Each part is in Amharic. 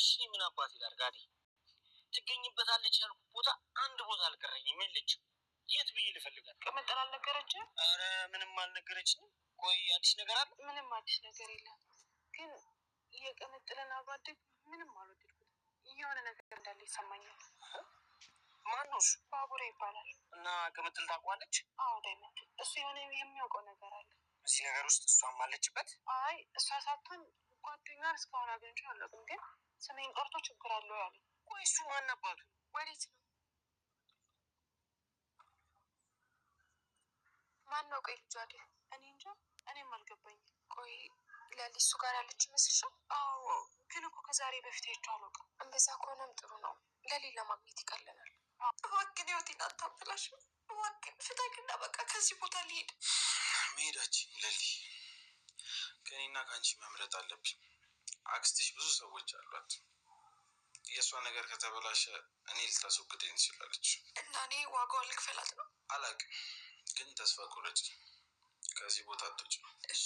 እሺ ምን አባት ጋር ጋዴ ትገኝበታለች ያልኩት ቦታ አንድ ቦታ አልቀረኝም። የለችም። የት ብዬ ልፈልጋል? ቅምጥል አልነገረችም? ኧረ ምንም አልነገረችም። ቆይ አዲስ ነገር አለ? ምንም አዲስ ነገር የለም። ግን የቅምጥልን አባድግ ምንም አልወደድኩትም። የሆነ ነገር እንዳለ ይሰማኛል። ማነው እሱ? ባቡሬ ይባላል። እና ቅምጥል ታውቋለች? አዎ ዳይመንድ፣ እሱ የሆነ የሚያውቀው ነገር አለ እዚህ ነገር ውስጥ። እሷም አለችበት? አይ እሷ ሳትሆን ጓደኛዋን እስካሁን አግኝቼው አላውቅም ግን ስሜን ጠርቶ ችግር አለው ያለ። ቆይ እሱ ማናባቱ ወዴት ነው? ማን ነው? ቆይ ልጇ አይደል? እኔ እንጃ፣ እኔም አልገባኝም። ቆይ ላሊ እሱ ጋር ያለች ይመስልሻል? አዎ፣ ግን እኮ ከዛሬ በፊት ሄጄው አላውቅም። እንደዛ ከሆነም ጥሩ ነው፣ ለሊ ለማግኘት ይቀለናል። እባክህን ህይወቴን አታበላሽ፣ እባክህን ፍታግና፣ በቃ ከዚህ ቦታ ሊሄድ መሄዳችን ለሊ ከእኔና ከአንቺ መምረጥ አለብኝ። አክስትሽ ብዙ ሰዎች አሏት። የእሷ ነገር ከተበላሸ እኔ ልታስወግደኝ ትችላለች እና እኔ ዋጋው ልክፈላት ነው አላውቅም። ግን ተስፋ ቁረጭ፣ ከዚህ ቦታ አትወጭ። እሺ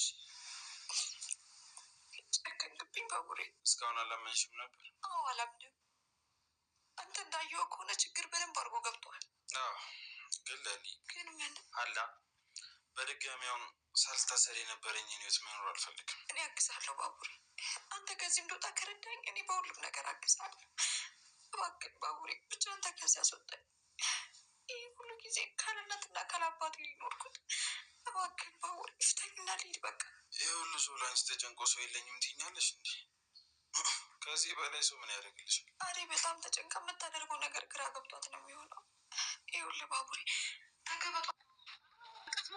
ጨከንክብኝ ባቡሬ። እስካሁን አላመንሽም ነበር? አዎ አላምንም። አንተ እንዳየው ከሆነ ችግር በደንብ አድርጎ ገብቷል። አዎ ግን ለሊ ግን ምን አላ በድጋሚ በድጋሚያውን ሳልታሰር የነበረኝ ህይወት መኖር አልፈልግም። እኔ አግዛለሁ ባቡሬ፣ አንተ ከዚህ እንደወጣ ከረዳኝ እኔ በሁሉም ነገር አግዛለሁ። እባክህ ባቡሬ ብቻ አንተ ከዚህ አስወጣኝ። ይህ ሁሉ ጊዜ ካለእናትና ካለአባት ሊኖርኩት፣ እባክህ ባቡሬ ፍታኝና ልሂድ በቃ። ይህ ሁሉ ሰው ለአንቺ ተጨንቆ ሰው የለኝም ትይኛለሽ እንዴ? ከዚህ በላይ ሰው ምን ያደርግልሽ? አሬ በጣም ተጨንቃ የምታደርገው ነገር ግራ ገብቷት ነው የሚሆነው። ሁሉ ባቡሬ ተገበ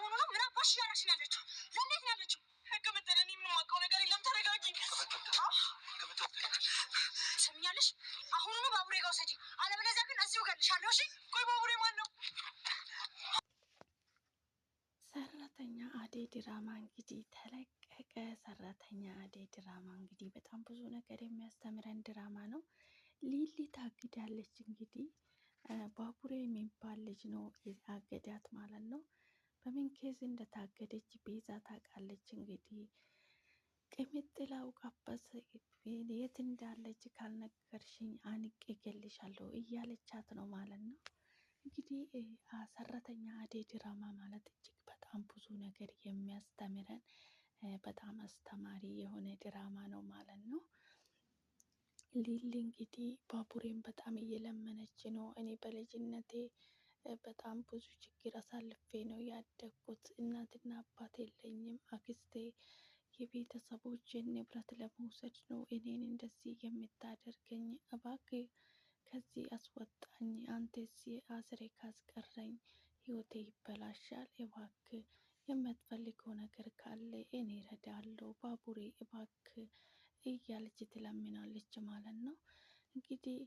መሆኑ ነው። ምን አባሽ እያደረግሽ ነው ያለችው? ለእንዴት ነው ያለችው? ከምትል እኔ ምን ነገር የለም። ተረጋጊ። ሰምኛለሽ? አሁኑኑ ባቡሬ ጋር ውሰጂ፣ አለበለዚያ ግን እዚሁ እገልሻለሁ። እሺ? ቆይ ባቡሬ ማን ነው? ሰራተኛ አደይ ድራማ እንግዲህ ተለቀቀ። ሰራተኛ አደይ ድራማ እንግዲህ በጣም ብዙ ነገር የሚያስተምረን ድራማ ነው። ሊሊ ታግዳለች እንግዲህ ባቡሬ የሚባል ልጅ ነው የአገዳት ማለት ነው። በምን ኬዝ እንደታገደች ቤዛ ታውቃለች። እንግዲህ ቅምጥል አውቃበት የት እንዳለች ካልነገርሽኝ አንቄ እገልሻለሁ እያለቻት ነው ማለት ነው። እንግዲህ ሰራተኛ አደይ ድራማ ማለት እጅግ በጣም ብዙ ነገር የሚያስተምረን በጣም አስተማሪ የሆነ ድራማ ነው ማለት ነው። ሊሊ እንግዲህ ባቡሬን በጣም እየለመነች ነው። እኔ በልጅነቴ በጣም ብዙ ችግር አሳልፌ ነው ያደግኩት። እናትና አባት የለኝም። አክስቴ የቤተሰቦቼን ንብረት ለመውሰድ ነው እኔን እንደዚህ የምታደርገኝ። እባክህ ከዚህ አስወጣኝ። አንተስ አስሬ ካስቀረኝ ህይወቴ ይበላሻል። እባክህ የምትፈልገው ነገር ካለ እኔ እረዳለሁ። ባቡሬ እባክህ እያለች ትለምናለች ማለት ነው እንግዲህ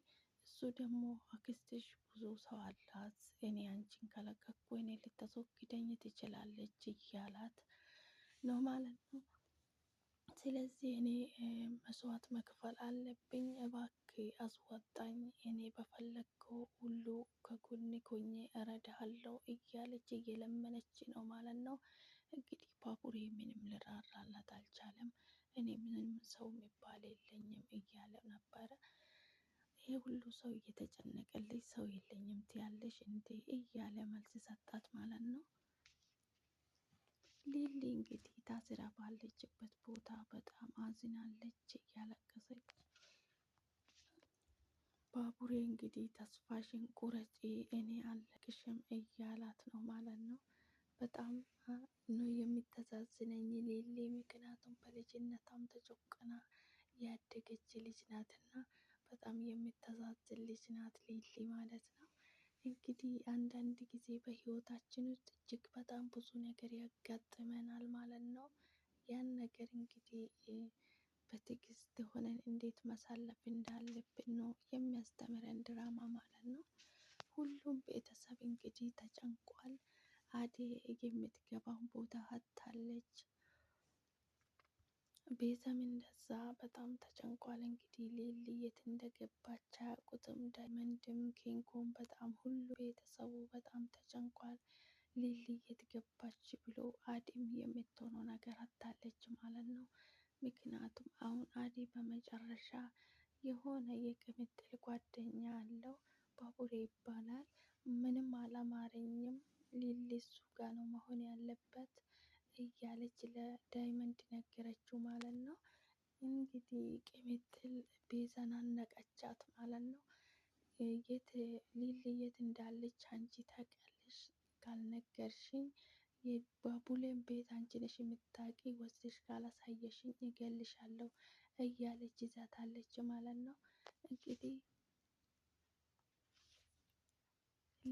እሱ ደግሞ አክስትሽ ብዙ ሰው አላት፣ እኔ አንቺን ከለቀቅኩ እኔ ልታስወግደኝ ትችላለች እያላት ነው ማለት ነው። ስለዚህ እኔ መስዋዕት መክፈል አለብኝ፣ እባክ አስወጣኝ፣ እኔ በፈለግከው ሁሉ ከጎን ኮኜ እረዳሃለሁ እያለች እየለመነች ነው ማለት ነው። እንግዲህ ባቡሬ ምንም ልራራላት አልቻለም። እኔ ምንም ሰው የሚባል የለኝም እያለ ነበረ። ይህ ሁሉ ሰው እየተጨነቀልሽ ሰው የለኝም ትያለሽ እንዴ እያለ መልስ ሰጣት ማለት ነው። ሊሊ እንግዲህ ታስራ ባለችበት ቦታ በጣም አዝናለች፣ እያለቀሰች ባቡሬ እንግዲህ ተስፋሽን ቁረጪ እኔ አለቅሽም እያላት ነው ማለት ነው። በጣም ነው የሚተዛዝነኝ ሊሊ፣ ምክንያቱም በልጅነቷም ተጨቁና ያደገች ልጅ ናትና በጣም የምታሳዝን ልጅ ናት ሊሊ ማለት ነው። እንግዲህ አንዳንድ ጊዜ በህይወታችን ውስጥ እጅግ በጣም ብዙ ነገር ያጋጥመናል ማለት ነው። ያን ነገር እንግዲህ በትዕግስት ሆነን እንዴት ማሳለፍ እንዳለብን ነው የሚያስተምረን ድራማ ማለት ነው። ሁሉም ቤተሰብ እንግዲህ ተጨንቋል። አዴ የምትገባውን ቦታ አታለች። ቤዛም እንደዛ በጣም ተጨንቋል። እንግዲህ ልየት የት እንደገባች አያውቁትም። ዳይመንድም ኬንጎም በጣም ሁሉ ቤተሰቡ በጣም ተጨንቋል። ሊሊ የት ገባች ብሎ አዲም የምትሆነው ነገር አታለች ማለት ነው። ምክንያቱም አሁን አዲ በመጨረሻ የሆነ የቅምጥል ጓደኛ አለው፣ ባቡሬ ይባላል። ምንም አላማረኝም፣ ሊሊ እሱ ጋ ነው መሆን ያለበት እያለች ለዳይመንድ ነገረችው ማለት ነው። እንግዲህ ቅምጥል ቤዛን አነቀቻት ማለት ነው። የት ሊሊ የት እንዳለች አንቺ ታውቂያለሽ፣ ካልነገርሽኝ የባቡሌን ቤት አንቺ ነሽ የምታውቂ፣ ወስደሽ ካላሳየሽኝ እገልሻለሁ እያለች ይዛታለች ማለት ነው እንግዲህ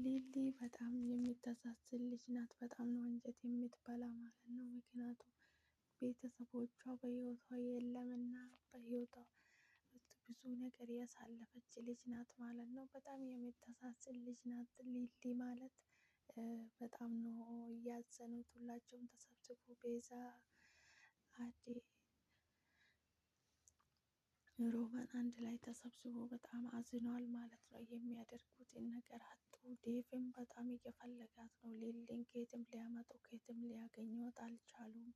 ሊሊ በጣም የምታሳዝን ልጅ ናት። በጣም ነው አንጀት የምትበላ ማለት ነው። ምክንያቱም ቤተሰቦቿ በህይወቷ የለም እና በህይወቷ ብዙ ነገር ያሳለፈች ልጅ ናት ማለት ነው። በጣም የምታሳዝን ልጅ ናት ሊሊ ማለት በጣም ነው እያዘኑት ሁላቸውም ተሰብስቦ ቤዛ አዴ ሮማን አንድ ላይ ተሰብስቦ በጣም አዝኗል ማለት ነው። የሚያደርጉትን ነገር አጡ። ዴቭም በጣም እየፈለጋት ነው። ሌሊን ኬትም ሊያመጡ ኬትም ሊያገኙት አልቻሉም።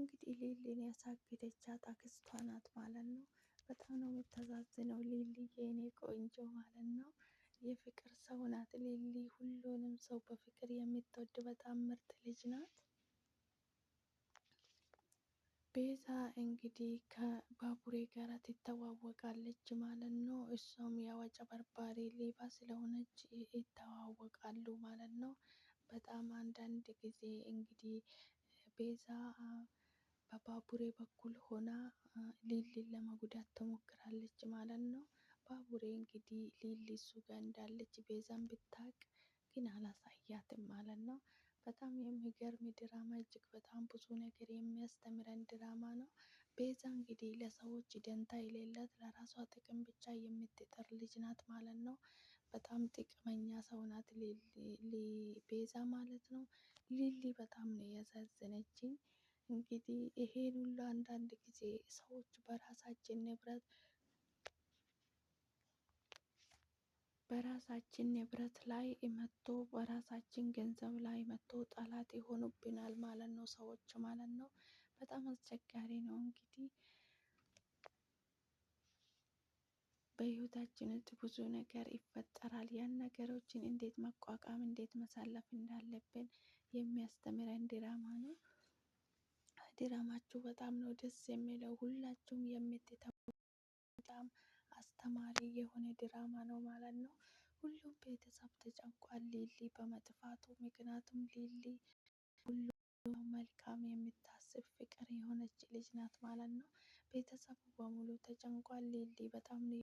እንግዲህ ሊሊን ያሳገደቻት አክስቷ ናት ማለት ነው። በጣም ነው የምታሳዝነው ሊሊ የኔ ቆንጆ ማለት ነው። የፍቅር ሰው ናት ሊሊ። ሁሉንም ሰው በፍቅር የምትወድ በጣም ምርጥ ልጅ ናት። ቤዛ እንግዲህ ከባቡሬ ጋር ትተዋወቃለች ማለት ነው። እሷም ያው አጭበርባሪ ሌባ ስለሆነች ይተዋወቃሉ ማለት ነው። በጣም አንዳንድ ጊዜ እንግዲህ ቤዛ በባቡሬ በኩል ሆና ሊሊን ለመጉዳት ትሞክራለች ማለት ነው። ባቡሬ እንግዲህ ሊሊ እሱ ጋር እንዳለች ቤዛን ብታቅ ግን አላሳያትም ማለት ነው። በጣም የሚገርም ድራማ እጅግ በጣም ብዙ ነገር የሚያስተምረን ድራማ ነው። ቤዛ እንግዲህ ለሰዎች ደንታ የሌላት ለራሷ ጥቅም ብቻ የምትጥር ልጅ ናት ማለት ነው። በጣም ጥቅመኛ ሰው ናት ቤዛ ማለት ነው። ሊሊ በጣም ነው ያሳዘነችኝ። እንግዲህ ይሄ ሁሉ አንዳንድ ጊዜ ሰዎች በራሳችን ንብረት በራሳችን ንብረት ላይ መጥቶ በራሳችን ገንዘብ ላይ መጥቶ ጠላት ይሆኑብናል ማለት ነው፣ ሰዎች ማለት ነው። በጣም አስቸጋሪ ነው። እንግዲህ በህይወታችን ውስጥ ብዙ ነገር ይፈጠራል። ያን ነገሮችን እንዴት መቋቋም እንዴት መሳለፍ እንዳለብን የሚያስተምረን ድራማ ነው። ድራማችሁ በጣም ነው ደስ የሚለው ሁላችሁም የምትተው አስተማሪ የሆነ ድራማ ነው ማለት ነው። ሁሉም ቤተሰብ ተጨንቋል ሊሊ በመጥፋቱ ምክንያቱም ሊሊ ሁሉም መልካም የምታስብ ፍቅር የሆነች ልጅ ናት ማለት ነው። ቤተሰቡ በሙሉ ተጨንቋል። ሊሊ በጣም ነው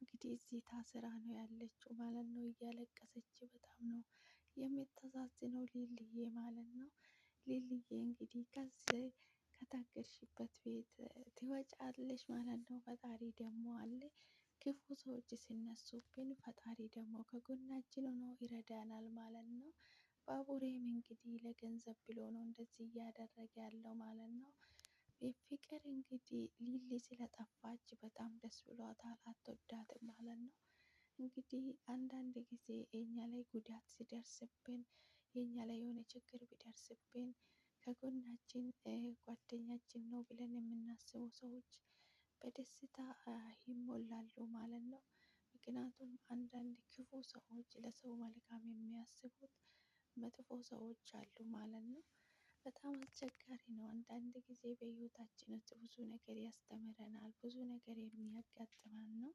እንግዲህ እዚህ ታስራ ነው ያለችው ማለት ነው። እያለቀሰች በጣም ነው የምታሳዝነው ሊልዬ ማለት ነው። ሊልዬ እንግዲህ ከዚህ ከታገድሽበት ቤት ትወጫለሽ ማለት ነው። ፈጣሪ ደግሞ አለ ክፉ ሰዎች ሲነሱብን ፈጣሪ ደግሞ ከጎናችን ሆኖ ይረዳናል ማለት ነው። ባቡሬም እንግዲህ ለገንዘብ ብሎ ነው እንደዚህ እያደረገ ያለው ማለት ነው። ፍቅር እንግዲህ ሊሊ ስለጠፋች በጣም ደስ ብሏታል። አትወዳትም ማለት ነው። እንግዲህ አንዳንድ ጊዜ የኛ ላይ ጉዳት ሲደርስብን የኛ ላይ የሆነ ችግር ቢደርስብን ከጎናችን ጓደኛችን ነው ብለን የምናስበው ሰዎች በደስታ ይሞላሉ ማለት ነው። ምክንያቱም አንዳንድ ክፉ ሰዎች ለሰው መልካም የሚያስቡት መጥፎ ሰዎች አሉ ማለት ነው። በጣም አስቸጋሪ ነው። አንዳንድ ጊዜ በህይወታችን ውስጥ ብዙ ነገር ያስተምረናል፣ ብዙ ነገር የሚያጋጥመን ነው።